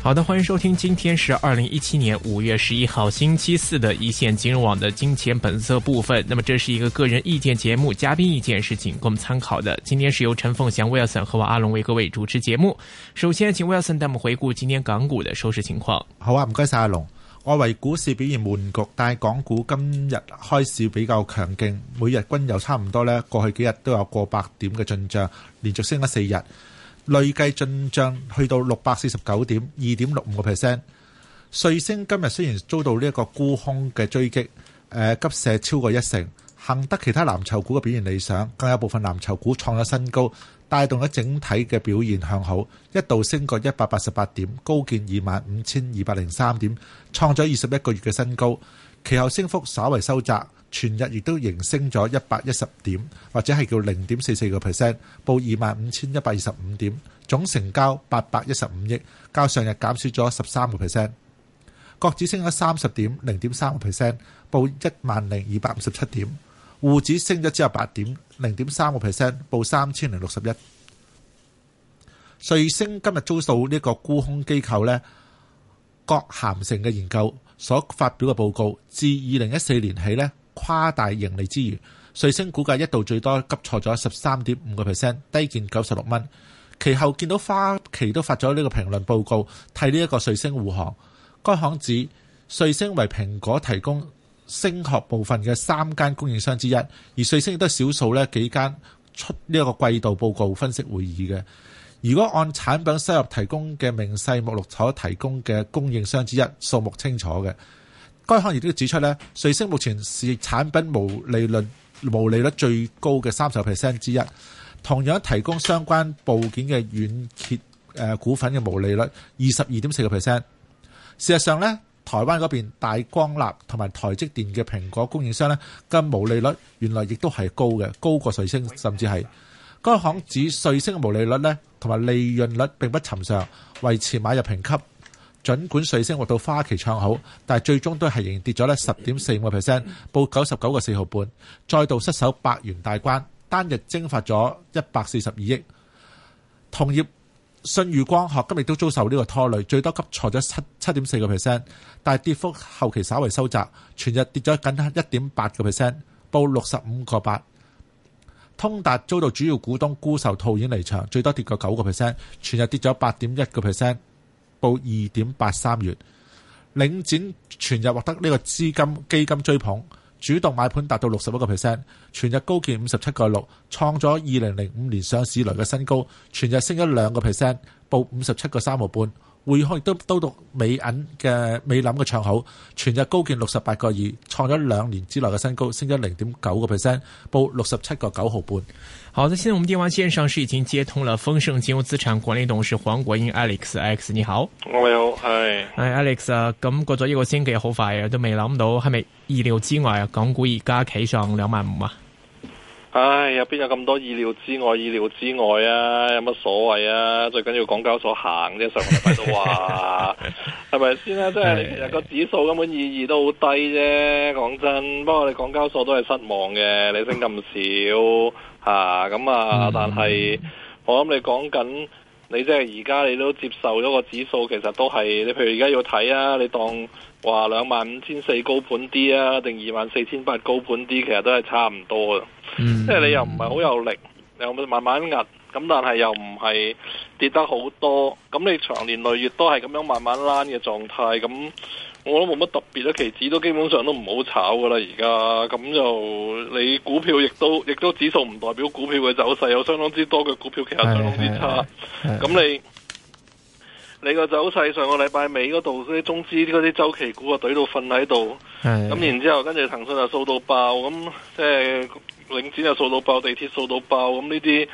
好的，歡迎收聽，今天是二零一七年五月十一號星期四的一線金融網的金錢本色部分。那麼這是一個個人意見節目，嘉賓意見是僅供參考的。今天是由陳鳳祥 Wilson 和我阿龍為各位主持節目。首先，請 Wilson 帶我們回顧今天港股的收市情況。好啊，唔該晒阿龍。外圍股市表現悶局，但係港股今日開市比較強勁，每日均有差唔多呢，過去幾日都有過百點嘅進賬，連續升咗四日。累計進賬去到六百四十九點，二點六五個 percent。瑞星今日雖然遭到呢一個沽空嘅追擊，誒、呃、急瀉超過一成。幸得其他藍籌股嘅表現理想，更有部分藍籌股創咗新高，帶動咗整體嘅表現向好，一度升過一百八十八點，高見二萬五千二百零三點，創咗二十一個月嘅新高。其後升幅稍為收窄。全日亦都迎升咗一百一十點，或者係叫零點四四個 percent，報二萬五千一百二十五點，總成交八百一十五億，較上日減少咗十三個 percent。國指升咗三十點，零點三個 percent，報一萬零二百五十七點。滬指升咗只有八點，零點三個 percent，報三千零六十一。瑞星今日遭到呢個沽空機構呢，郭咸城嘅研究所發表嘅報告，自二零一四年起呢。誇大盈利之餘，瑞星股價一度最多急挫咗十三點五個 percent，低見九十六蚊。其後見到花旗都發咗呢個評論報告，替呢一個瑞星護航。該行指瑞星為蘋果提供聲學部分嘅三間供應商之一，而瑞星亦都係少數呢幾間出呢一個季度報告分析會議嘅。如果按產品收入提供嘅明細目錄所提供嘅供應商之一，數目清楚嘅。該行亦都指出呢瑞星目前是產品毛利率毛利率最高嘅三十個 percent 之一，同樣提供相關部件嘅軟結誒股份嘅毛利率二十二點四個 percent。事實上呢台灣嗰邊大光立同埋台積電嘅蘋果供應商呢跟毛利率原來亦都係高嘅，高過瑞星，甚至係該行指瑞星嘅毛利率呢同埋利潤率並不尋常，維持買入評級。盡管瑞聲獲到花旗唱好，但係最終都係仍然跌咗咧十點四五個 percent，報九十九個四毫半，再度失守百元大關，單日蒸發咗一百四十二億。同業舜宇光學今日都遭受呢個拖累，最多急挫咗七七點四個 percent，但係跌幅後期稍為收窄，全日跌咗近一點八個 percent，報六十五個八。通達遭到主要股東沽售套現離場，最多跌過九個 percent，全日跌咗八點一個 percent。報二點八三元。領展全日獲得呢個資金基金追捧，主動買盤達到六十一個 percent，全日高見五十七個六，創咗二零零五年上市來嘅新高，全日升咗兩個 percent，報五十七個三毫半。匯控亦都都讀美銀嘅美林嘅唱好，全日高見六十八個二，創咗兩年之內嘅新高，升咗零點九個 percent，報六十七個九毫半。好的，現在我們電話線上是已經接通了豐盛金融資產管理董事黃國英 Alex，Alex Alex, 你好，我你好，係係 Alex 啊，咁過咗一個星期好快啊，都未諗到係咪意料之外啊，港股而家企上兩萬五啊！唉，入邊有咁多意料之外，意料之外啊！有乜所謂啊？最緊要港交所行啫，上個禮拜都話係咪先啦？即係你 其實個指數根本意義都好低啫。講真，不過你港交所都係失望嘅，你升咁少啊！咁啊，但係 我諗你講緊。你即係而家你都接受咗個指數，其實都係你。譬如而家要睇啊，你當話兩萬五千四高盤啲啊，定二萬四千八高盤啲，其實都係差唔多嘅。嗯，即係你又唔係好有力，你又慢慢壓，咁但係又唔係跌得好多。咁你長年累月都係咁樣慢慢拉嘅狀態咁。我都冇乜特別啦，期指都基本上都唔好炒噶啦，而家咁就你股票亦都亦都指數唔代表股票嘅走勢，有相當之多嘅股票其實相當之差。咁是的 你是的 你個走勢上個禮拜尾嗰度嗰啲中資嗰啲週期股個隊度瞓喺度，咁是的 然之後跟住騰訊又掃到爆，咁即係領展又掃到爆，地鐵掃到爆，咁呢啲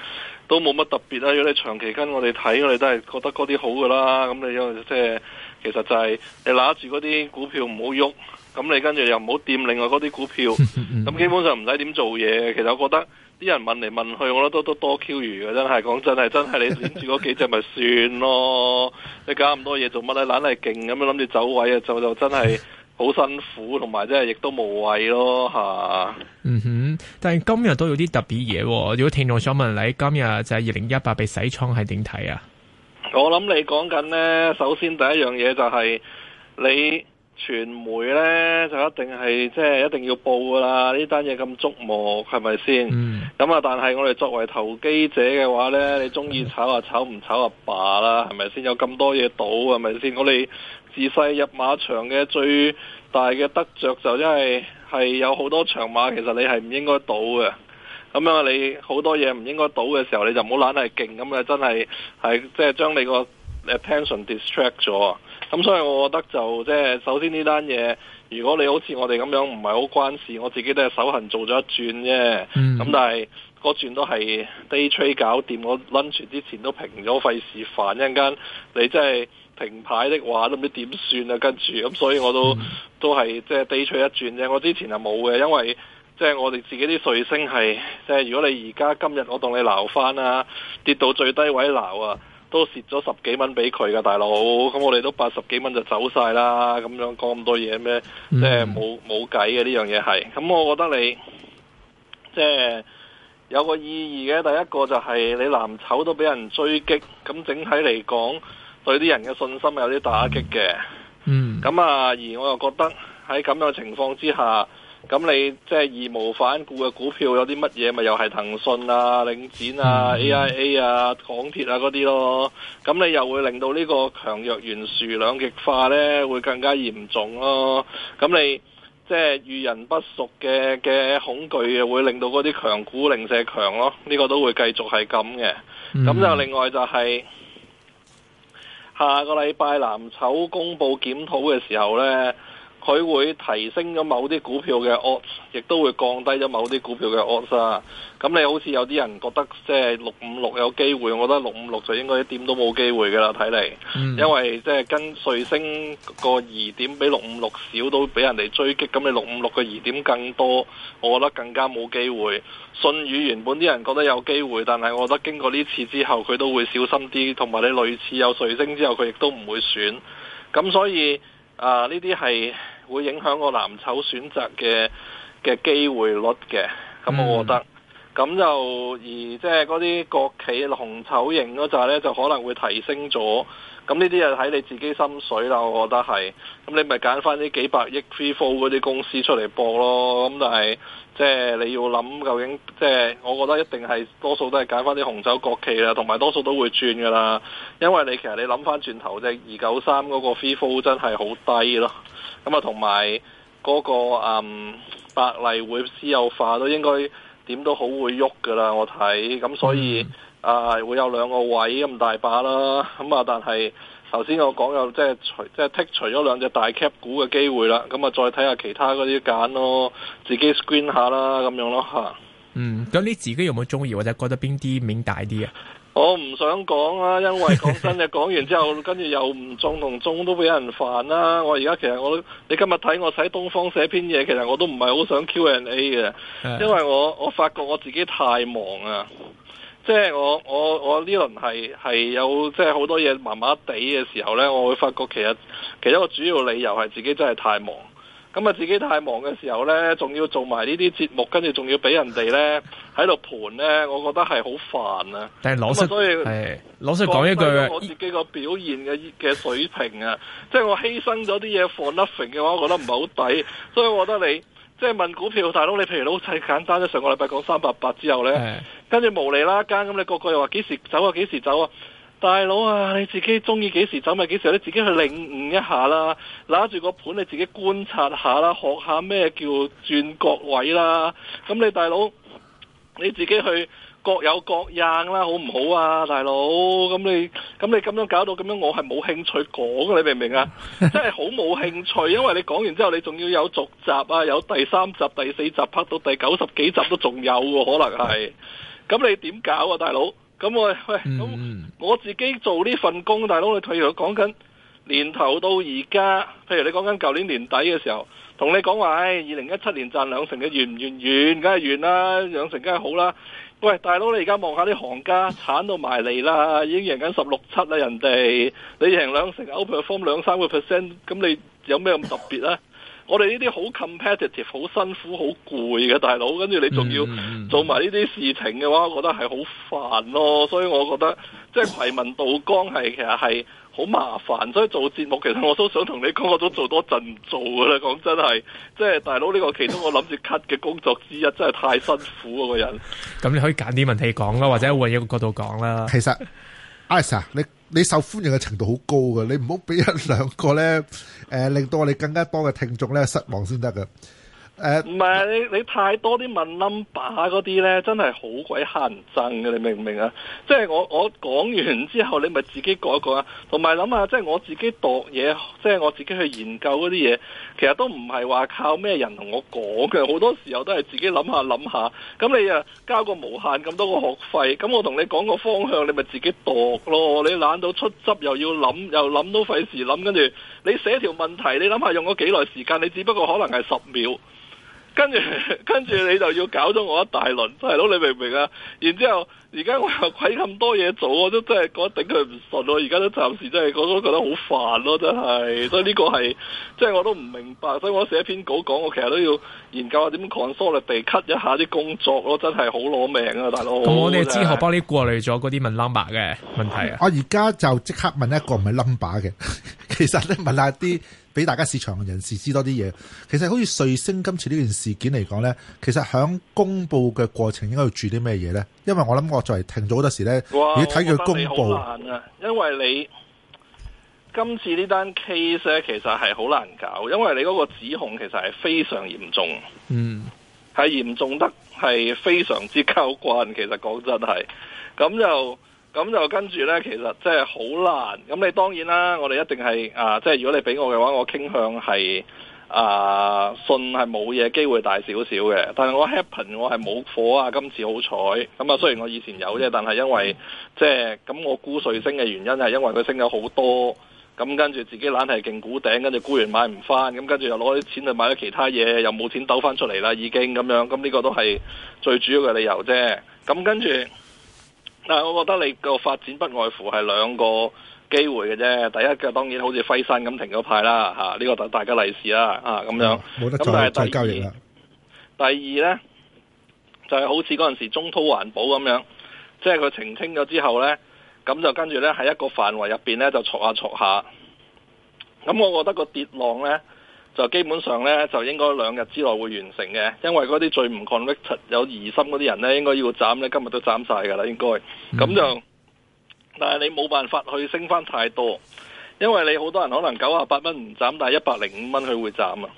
都冇乜特別啦。如果你長期跟我哋睇，我哋都係覺得嗰啲好噶啦。咁你又即係。其實就係你拿住嗰啲股票唔好喐，咁你跟住又唔好掂另外嗰啲股票，咁 基本上唔使點做嘢。其實我覺得啲人問嚟問去，我諗都都多 Q 餘嘅真係。講真係真係，你連住嗰幾隻咪算咯。你搞咁多嘢做乜咧？懶係勁咁樣諗住走位啊，就就真係好辛苦，同埋真係亦都無謂咯。吓、啊， 嗯哼。但係今日都有啲特別嘢、哦，如果聽眾想問你，今日就係二零一八被洗倉係點睇啊？我諗你講緊呢，首先第一樣嘢就係你傳媒呢，就一定係即係一定要報噶啦，呢單嘢咁觸目，係咪先？咁啊，但係我哋作為投機者嘅話呢，你中意炒啊炒唔炒啊罷啦，係咪先？有咁多嘢賭，係咪先？我哋自細入馬場嘅最大嘅得着就因為係有好多場馬，其實你係唔應該賭嘅。咁樣你好多嘢唔應該賭嘅時候，你就唔好懶係勁咁啊！真係係即係將你個 attention distract 咗啊！咁、嗯、所以我覺得就即係首先呢單嘢，如果你好似我哋咁樣唔係好關事，我自己都係手痕做咗一轉啫。咁、嗯、但係嗰轉都係 day trade 搞掂，我 lunch 之前都平咗，費事煩一陣間。你即係停牌的話，都唔知點算啊！跟住咁，嗯、所以我都都係即係 day trade 一轉啫。我之前係冇嘅，因為。即係我哋自己啲瑞星係，即係如果你而家今日我同你撈翻啊，跌到最低位撈啊，都蝕咗十幾蚊俾佢噶大佬，咁我哋都八十幾蚊就走晒啦。咁樣講咁多嘢咩？即係冇冇計嘅呢樣嘢係。咁我覺得你即係有個意義嘅。第一個就係你藍籌都俾人追擊，咁整體嚟講，對啲人嘅信心有啲打擊嘅。嗯。咁啊，而我又覺得喺咁樣情況之下。咁你即係、就是、義無反顧嘅股票有啲乜嘢咪又係騰訊啊、領展啊、AIA 啊、港鐵啊嗰啲咯，咁你又會令到呢個強弱懸殊兩極化呢會更加嚴重咯。咁你即係、就是、遇人不淑嘅嘅恐懼嘅會令到嗰啲強股零舍強咯，呢、這個都會繼續係咁嘅。咁、嗯、就另外就係、是、下個禮拜藍籌公布檢討嘅時候呢。佢會提升咗某啲股票嘅 odds，亦都會降低咗某啲股票嘅 odds 啊！咁你好似有啲人覺得即係六五六有機會，我覺得六五六就應該一點都冇機會嘅啦，睇嚟。嗯、因為即係跟瑞星個疑點比六五六少，都俾人哋追擊。咁你六五六嘅疑點更多，我覺得更加冇機會。信宇原本啲人覺得有機會，但係我覺得經過呢次之後，佢都會小心啲。同埋你類似有瑞星之後，佢亦都唔會選。咁所以啊，呢啲係。會影響個藍籌選擇嘅嘅機會率嘅，咁我覺得，咁、嗯、就而即係嗰啲國企紅籌型嗰扎咧，就可能會提升咗，咁呢啲就睇你自己心水啦，我覺得係，咁你咪揀翻啲幾百億 free float 嗰啲公司出嚟博咯，咁但係。即係你要諗究竟，即係我覺得一定係多數都係揀翻啲紅籌國企啦，同埋多數都會轉噶啦。因為你其實你諗翻轉頭啫，二九三嗰個 free float 真係好低咯。咁、嗯、啊，同埋嗰個嗯百麗會私有化都應該點都好會喐噶啦，我睇。咁所以、嗯、啊，會有兩個位咁大把啦。咁、嗯、啊，但係。頭先我講又即係除即係剔除咗兩隻大 cap 股嘅機會啦，咁啊再睇下其他嗰啲揀咯，自己 screen 下啦咁樣咯嚇。嗯，咁你自己有冇鍾意或者覺得邊啲面大啲啊？我唔想講啊，因為講真嘅講 完之後，跟住又唔中同中都畀人煩啦、啊。我而家其實我你今日睇我喺東方寫篇嘢，其實我都唔係好想 Q&A 嘅，A 因為我我發覺我自己太忙啊。即係我我我呢輪係係有即係好多嘢麻麻地嘅時候呢，我會發覺其實其實個主要理由係自己真係太忙。咁啊，自己太忙嘅時候呢，仲要做埋呢啲節目，跟住仲要俾人哋呢喺度盤呢。我覺得係好煩啊！但係老實，老實講一句，我自己個表現嘅嘅水平啊，這即係我犧牲咗啲嘢，for nothing 嘅話，我覺得唔係好抵。所以我覺得你即係問股票大佬，你譬如老細簡單咗上個禮拜講三百八之後呢。跟住無理啦，間咁你個個又話幾時走啊？幾時走啊？大佬啊，你自己中意幾時走咪、啊、幾時、啊，你自己去領悟一下啦、啊。揦住個盤，你自己觀察下啦、啊，學下咩叫轉角位啦、啊。咁你大佬，你自己去各有各硬啦、啊，好唔好啊？大佬，咁你咁你咁樣搞到咁樣，我係冇興趣講嘅，你明唔明啊？真係好冇興趣，因為你講完之後，你仲要有續集啊，有第三集、第四集，拍到第九十幾集都仲有喎、啊，可能係。咁你點搞啊，大佬、嗯嗯？咁我喂，咁我自己做呢份工，大佬你譬如佢講緊年頭到而家，譬如你講緊舊年年底嘅時候，同你講話，唉，二零一七年賺兩成嘅遠唔遠？遠，梗係遠啦，兩成梗係好啦。喂，大佬你而家望下啲行家，慘到埋嚟啦，已經贏緊十六七啦，人哋你贏兩成，outperform 兩三個 percent，咁你有咩咁特別咧？我哋呢啲好 competitive，好辛苦，好攰嘅大佬，跟住你仲要做埋呢啲事情嘅話，我覺得係好煩咯。所以我覺得即係攜民道江係其實係好麻煩。所以做節目其實我都想同你講，我都做多陣唔做噶啦。講真係，即係大佬呢、呢個其中我諗住 cut 嘅工作之一，真係太辛苦嗰、啊、個人。咁你可以揀啲問題講啦，或者換一個角度講啦。其實，阿 Sir，你。你受歡迎嘅程度好高㗎，你唔好俾一兩個咧，誒、呃、令到我哋更加多嘅聽眾咧失望先得㗎。誒，唔係、uh, 你你太多啲問 number 嗰啲呢，真係好鬼乞人憎嘅，你明唔明啊？即係我我講完之後，你咪自己改改啊。同埋諗下，即係我自己度嘢，即係我自己去研究嗰啲嘢，其實都唔係話靠咩人同我講嘅。好多時候都係自己諗下諗下。咁你啊交個無限咁多個學費，咁我同你講個方向，你咪自己度咯。你懶到出汁又要諗，又諗都費事諗，跟住你寫條問題，你諗下用咗幾耐時間？你只不過可能係十秒。跟住跟住你就要搞咗我一大輪，大佬你明唔明啊？然之後而家我又鬼咁多嘢做，我都真係覺得頂佢唔順咯。而家都暫時真係我都覺得好煩咯，真係。所以呢個係即係我都唔明白。所以我寫一篇稿講，我其實都要研究下點 compress 嚟 cut 一下啲工作咯。真係好攞命啊，大佬！我哋之後幫你過嚟咗嗰啲問 number 嘅問題啊。我而家就即刻問一個唔係 number 嘅，其實你問下啲。俾大家市場嘅人士知多啲嘢，其實好似瑞聲今次呢件事件嚟講呢，其實響公佈嘅過程應該要注意啲咩嘢呢？因為我諗我作為停早嗰陣時咧，你睇佢公佈。哇，我覺得你好難啊，因為你今次呢單 case 呢，其實係好難搞，因為你嗰個指控其實係非常嚴重，嗯，係嚴重得係非常之交關，其實講真係，咁就。咁就跟住呢，其實即係好難。咁你當然啦，我哋一定係啊、呃，即係如果你畀我嘅話，我傾向係啊、呃，信係冇嘢機會大少少嘅。但係我 Happy，我係冇火啊！今次好彩。咁啊，雖然我以前有啫，但係因為即係咁，我估瑞升嘅原因係因為佢升咗好多。咁跟住自己懶係勁估頂，跟住估完買唔返。咁跟住又攞啲錢去買咗其他嘢，又冇錢兜返出嚟啦，已經咁樣。咁呢個都係最主要嘅理由啫。咁跟住。嗱，但我覺得你個發展不外乎係兩個機會嘅啫。第一個當然好似輝山咁停咗牌啦，嚇、啊、呢、這個等大家大吉利是啦，啊咁樣。冇得再，第二再交易啦。第二呢，就係、是、好似嗰陣時中滔環保咁樣，即係佢澄清咗之後呢，咁就跟住呢喺一個範圍入邊呢，就挫下挫下。咁我覺得個跌浪呢。就基本上呢，就應該兩日之內會完成嘅，因為嗰啲最唔 convict 有疑心嗰啲人呢，應該要斬呢今日都斬晒噶啦，應該咁就，但係你冇辦法去升翻太多，因為你好多人可能九十八蚊唔斬，但係一百零五蚊佢會斬啊。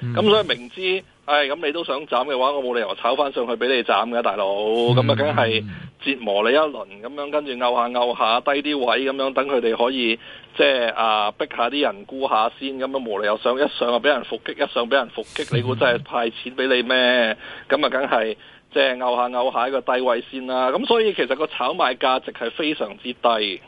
咁、嗯、所以明知，誒、哎、咁你都想斬嘅話，我冇理由炒翻上去俾你斬嘅，大佬，咁啊、嗯，梗係折磨你一輪，咁樣跟住拗下拗下低啲位，咁樣等佢哋可以即係啊逼下啲人沽下先，咁樣冇理由上一上就俾人伏擊，嗯、一上俾人伏擊，你估真係派錢俾你咩？咁啊，梗係即係拗下拗下一個低位先啦。咁所以其實個炒賣價值係非常之低，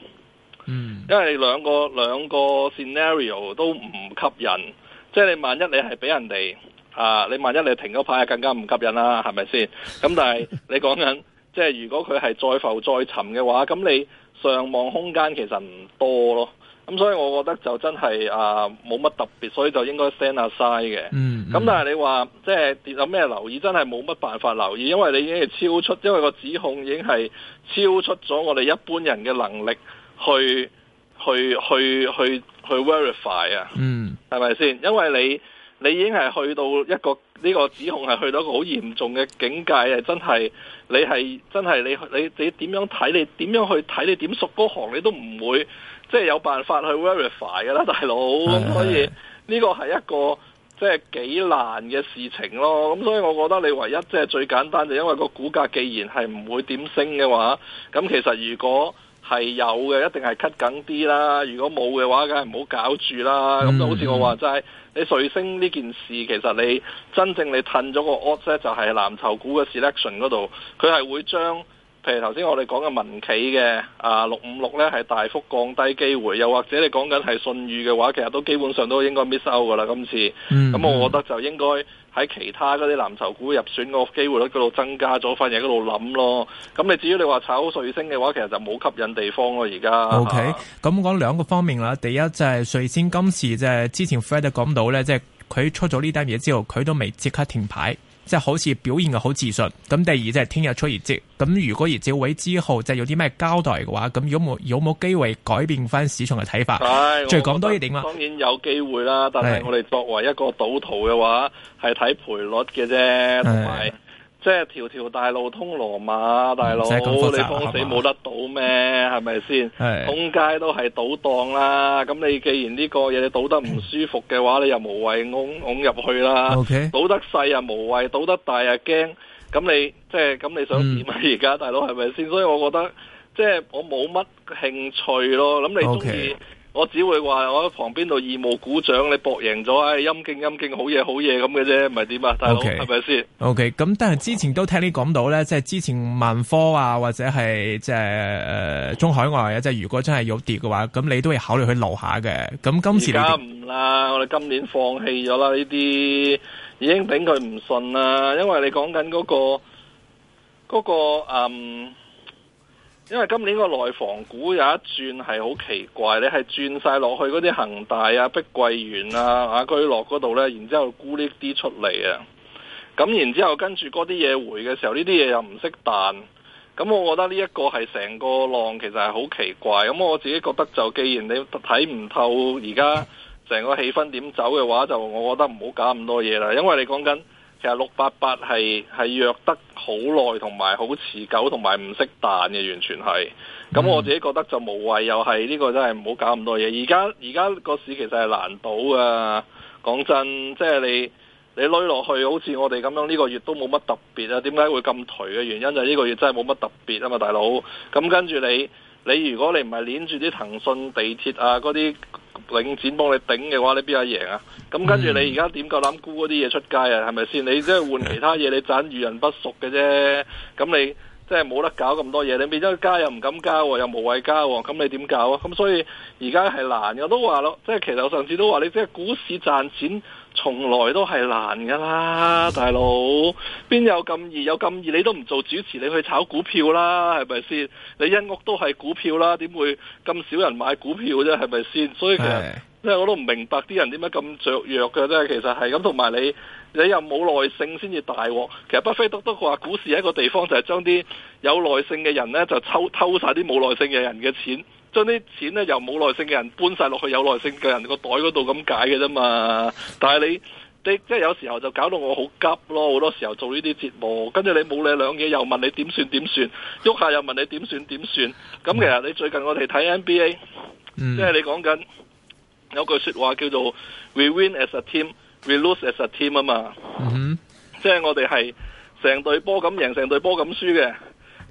嗯，因為你兩個兩個，兩個 scenario 都唔吸引。即係你萬一你係俾人哋啊，你萬一你停咗牌更加唔吸引啦，係咪先？咁但係你講緊， 即係如果佢係再浮再沉嘅話，咁你上望空間其實唔多咯。咁所以我覺得就真係啊，冇乜特別，所以就應該 send 下 aside 嘅。嗯。 咁但係你話即係有咩留意，真係冇乜辦法留意，因為你已經係超出，因為個指控已經係超出咗我哋一般人嘅能力去。去去去去 verify 啊，嗯，係咪先？因為你你已經係去到一個呢個指控係去到一個好嚴重嘅境界啊！真係你係真係你你你點樣睇你點樣去睇你點熟嗰行你都唔會，即係有辦法去 verify 噶啦，大佬。咁 所以呢個係一個即係幾難嘅事情咯。咁所以我覺得你唯一即係最簡單就因為個股價既然係唔會點升嘅話，咁其實如果。係有嘅，一定係 cut 緊啲啦。如果冇嘅話，梗係唔好搞住啦。咁、嗯、就好似我話齋，嗯、你瑞星呢件事，其實你真正你褪咗個 offset 就係藍籌股嘅 selection 嗰度，佢係會將譬如頭先我哋講嘅民企嘅啊，六五六呢，係大幅降低機會，又或者你講緊係信譽嘅話，其實都基本上都應該 miss out 噶啦。今次，咁我、嗯、我覺得就應該。喺其他嗰啲藍籌股入選個機會喺嗰度增加咗，反而喺度諗咯。咁你至於你話炒瑞星嘅話，其實就冇吸引地方咯。而家。OK、啊。咁講兩個方面啦。第一就係瑞星今次即係之前 Fred 講到咧，即係佢出咗呢單嘢之後，佢都未即刻停牌。即係好似表現得好自信，咁第二即係聽日出業績，咁如果業績會之後就有啲咩交代嘅話，咁有冇有冇機會改變翻市場嘅睇法？哎、再講多啲點啊？當然有機會啦，但係我哋作為一個賭徒嘅話，係睇賠率嘅啫，同埋。哎即係條條大路通羅馬，大佬、嗯、你放死冇得賭咩？係咪先？通街都係賭檔啦。咁你既然呢個嘢你賭得唔舒服嘅話，你又無謂拱拱入去啦。Okay? 賭得細又無謂，賭得大又驚。咁你即係咁你想點啊？而家、嗯、大佬係咪先？所以我覺得即係我冇乜興趣咯。咁你中意？Okay? 我只會話我喺旁邊度義務鼓掌，你博贏咗，哎，陰勁陰勁，好嘢好嘢咁嘅啫，唔係點啊，大佬，係咪先？OK，咁但係之前都聽你講到咧，即係之前萬科啊，或者係即係中海外啊，即係如果真係要跌嘅話，咁你都會考慮去留下嘅。咁今次而家唔啦，我哋今年放棄咗啦呢啲，已經頂佢唔順啦，因為你講緊嗰個、嗰個嗯。因為今年個內房股有一轉係好奇怪，你係轉晒落去嗰啲恒大啊、碧桂園啊、雅居樂嗰度呢，然之後沽啲出嚟啊，咁然之後跟住嗰啲嘢回嘅時候，呢啲嘢又唔識彈，咁我覺得呢一個係成個浪其實係好奇怪，咁我自己覺得就既然你睇唔透而家成個氣氛點走嘅話，就我覺得唔好搞咁多嘢啦，因為你講緊。其實六八八係係弱得好耐同埋好持久同埋唔識彈嘅，完全係。咁我自己覺得就無謂，又係呢個真係唔好搞咁多嘢。而家而家個市其實係難倒啊。講真，即係你你累落去，好似我哋咁樣呢個月都冇乜特別啊。點解會咁頹嘅原因就係呢個月真係冇乜特別啊嘛，大佬。咁跟住你你如果你唔係黏住啲騰訊、地鐵啊嗰啲。領錢幫你頂嘅話，你邊有贏啊？咁跟住你而家點夠膽沽嗰啲嘢出街啊？係咪先？你即係換其他嘢，你盞遇人不淑嘅啫。咁你即係冇得搞咁多嘢，你變咗加又唔敢加，又無謂加。咁你點搞啊？咁所以而家係難嘅，我都話咯，即係其實我上次都話你即係股市賺錢。從來都係難噶啦，大佬。邊有咁易？有咁易你都唔做主持，你去炒股票啦，係咪先？你一屋都係股票啦，點會咁少人買股票啫？係咪先？所以其實，即係的我都唔明白啲人點解咁雀躍嘅啫。其實係咁，同埋你你又冇耐性先至大鑊。其實巴菲特都話，都股市一個地方就係將啲有耐性嘅人呢，就抽偷晒啲冇耐性嘅人嘅錢。將啲錢咧由冇耐性嘅人搬晒落去有耐性嘅人個袋嗰度咁解嘅啫嘛！但係你你即係有時候就搞到我好急咯，好多時候做呢啲節目，跟住你冇你兩嘢又問你點算點算，喐下又問你點算點算。咁其實你最近我哋睇 NBA，即係你講緊有句說話叫做 We win as a team, we lose as a team 啊嘛。嗯、哼即係我哋係成隊波咁贏，成隊波咁輸嘅。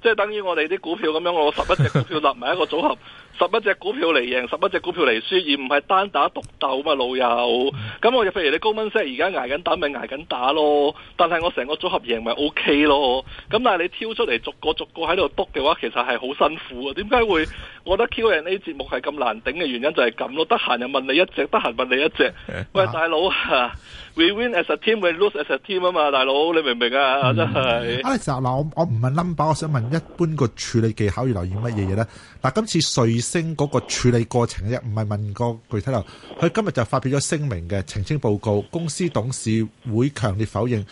即係等於我哋啲股票咁樣，我十一隻股票立埋一個組合，十一 隻股票嚟贏，十一隻股票嚟輸，而唔係單打獨鬥嘛，老友。咁 我譬如你高溫升而家挨緊打，咪挨緊打咯。但係我成個組合贏咪 OK 咯。咁但係你挑出嚟逐個逐個喺度督嘅話，其實係好辛苦啊。點解會？ 我覺得 Q&A 節目係咁難頂嘅原因就係咁咯。得閒又問你一隻，得閒問你一,一隻。喂，大佬啊！We win as a team, we lose as a team 啊嘛，大佬，你明唔明啊？真係嗱，我我唔問冧巴，我想問一般個處理技巧要留意乜嘢嘢咧？嗱，今次瑞星嗰個處理過程咧，唔係問個具體啦，佢今日就發表咗聲明嘅澄清報告，公司董事會強烈否認。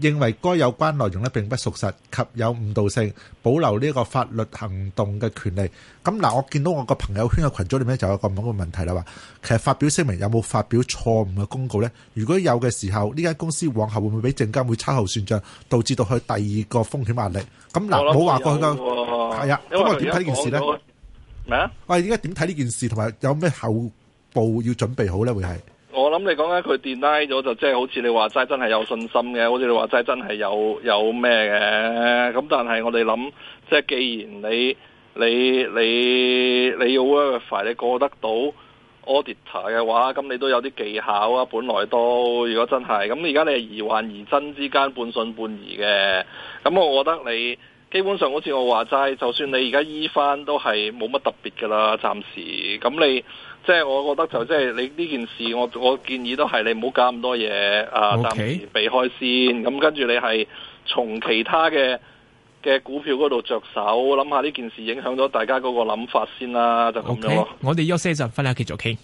認為該有關內容咧，並不屬實及有誤導性，保留呢個法律行動嘅權利。咁嗱，我見到我個朋友圈嘅群組咧，就有一個咁嘅問題啦，話其實發表聲明有冇發表錯誤嘅公告呢？如果有嘅時候，呢間公司往後會唔會俾證監會差後算賬，導致到佢第二個風險壓力？咁嗱，冇話、哦、過去噶，係啊。咁我點睇呢件事呢？啊？喂，依家點睇呢件事？同埋有咩後步要準備好呢？會係？我諗你講緊佢 deny 咗就即係好似你話齋，真係有信心嘅，好似你話齋真係有有咩嘅。咁但係我哋諗，即係既然你你你你要 verify 你過得到 audit 嘅話，咁你都有啲技巧啊，本來都如果真係。咁而家你係疑幻疑真之間半信半疑嘅。咁我我覺得你基本上好似我話齋，就算你而家醫翻都係冇乜特別噶啦，暫時咁你。即係我覺得就即係你呢件事，我我建議都係你唔好搞咁多嘢啊，暫時 Okay.、呃、避開先。咁跟住你係從其他嘅嘅股票嗰度着手，諗下呢件事影響咗大家嗰個諗法先啦。就咁樣，Okay. 我哋休息一陣，翻嚟繼續傾。